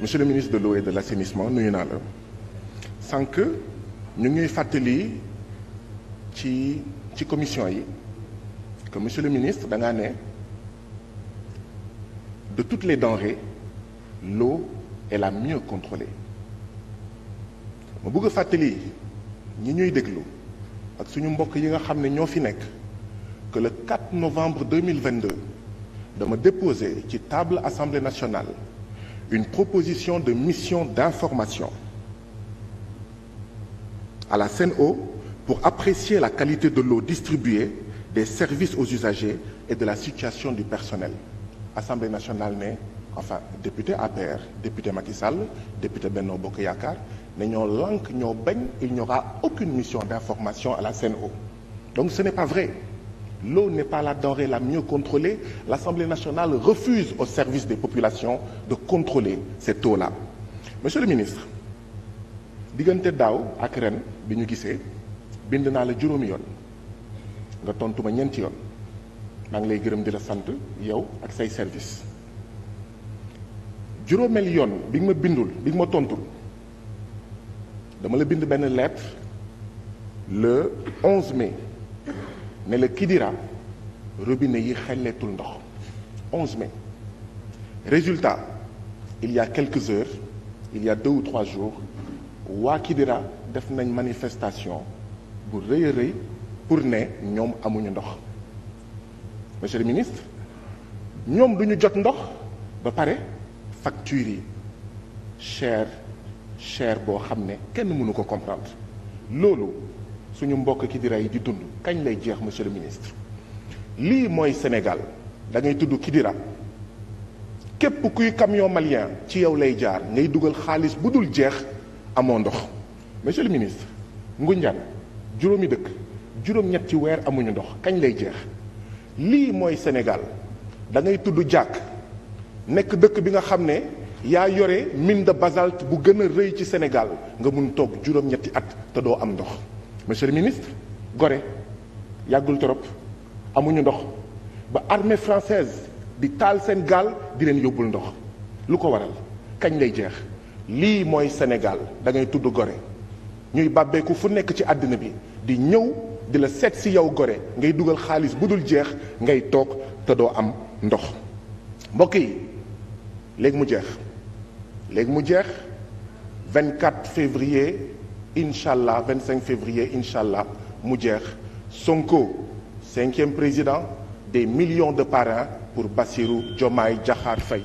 monsieur le ministre de l'eau et de l'assainissement nuyu naa la sànq ñu ngi fàttali ci ci commission yi que monsieur le ministre da ne de toutes les denrées l'eau est la mieux contrôlée ma bugg a fàttali ñi ñuy déglu ak suñu mbokk yi nga xam ne ñoo fi nekk que le 4 novembre 2022 dama déposé ci table assemblée nationale une proposition de mission d'information à la Seine-Eau pour apprécier la qualité de l'eau distribuée, des services aux usagers et de la situation du personnel. Assemblée nationale ne enfin député APR député Macky Sall député Benno Bokk Yaakaar ne ñoo lank ñoo bañ il n'y aura aucune mission d'information à la Seine-Eau donc ce n'est pas vrai L'eau n'est pas la denrée la mieux contrôlée. L'Assemblée nationale refuse au service de populations de contrôler cette eau-là. Monsieur le ministre diggante daaw ak ren bi ñu gisee bind naa la juróomi yoon nga tontu ma ñeenti yoon maa ngi lay gërëm di la sant yow ak say service juróomeel yoon bi nga ma bindul bi nga ma tontu dama la bind benn lettre le 11 mai. mais la Kidira robinet yi xelleetul ndox 11 résultat il y a quelques heures il y a ou trois jours waa Kidira def nañ manifestation bu rëy a rëy pour ne ñoom amuñu ndox monsieur le ministre ñoom duñu jot ndox ba pare factures yi cher cher boo xam ne kenn mënu ko comprendre loolu suñu mbokk kidira yi di dund kañ lay jeex monsieur le ministre lii mooy Sénégal dangay tudd kidira képp kuy camion malien ci yow lay jaar ngay dugal xaalis bu dul jeex amoo ndox monsieur le ministre Ngoundiane juróomi dëkk juróom-ñett weer amuñu ndox kañ lay jeex lii mooy Sénégal dangay tudd jàkk nekk dëkk bi nga xam ne yaa yore mine de basalte bu gën a rëy ci Sénégal nga mun toog juróom-ñetti at te doo am ndox monsieur ministre gore yàggul trop amuñu ndox ba armée française di taal seen gaal di leen yóbbul ndox lu ko waral kañ lay jeex lii mooy Sénégal da ngay tudd gore ñuy bàbbeeku fu nekk ci àddina bi di ñëw di la seet si yow gore ngay dugal xaalis bu dul jeex ngay toog te doo am ndox mbokk yi léegi mu jeex léegi mu jeex 24 février incha allah 25 février incha allah mu jeex Sonko cinquième président des millions de parrains pour Bassirou Diomaye Diakhar Faye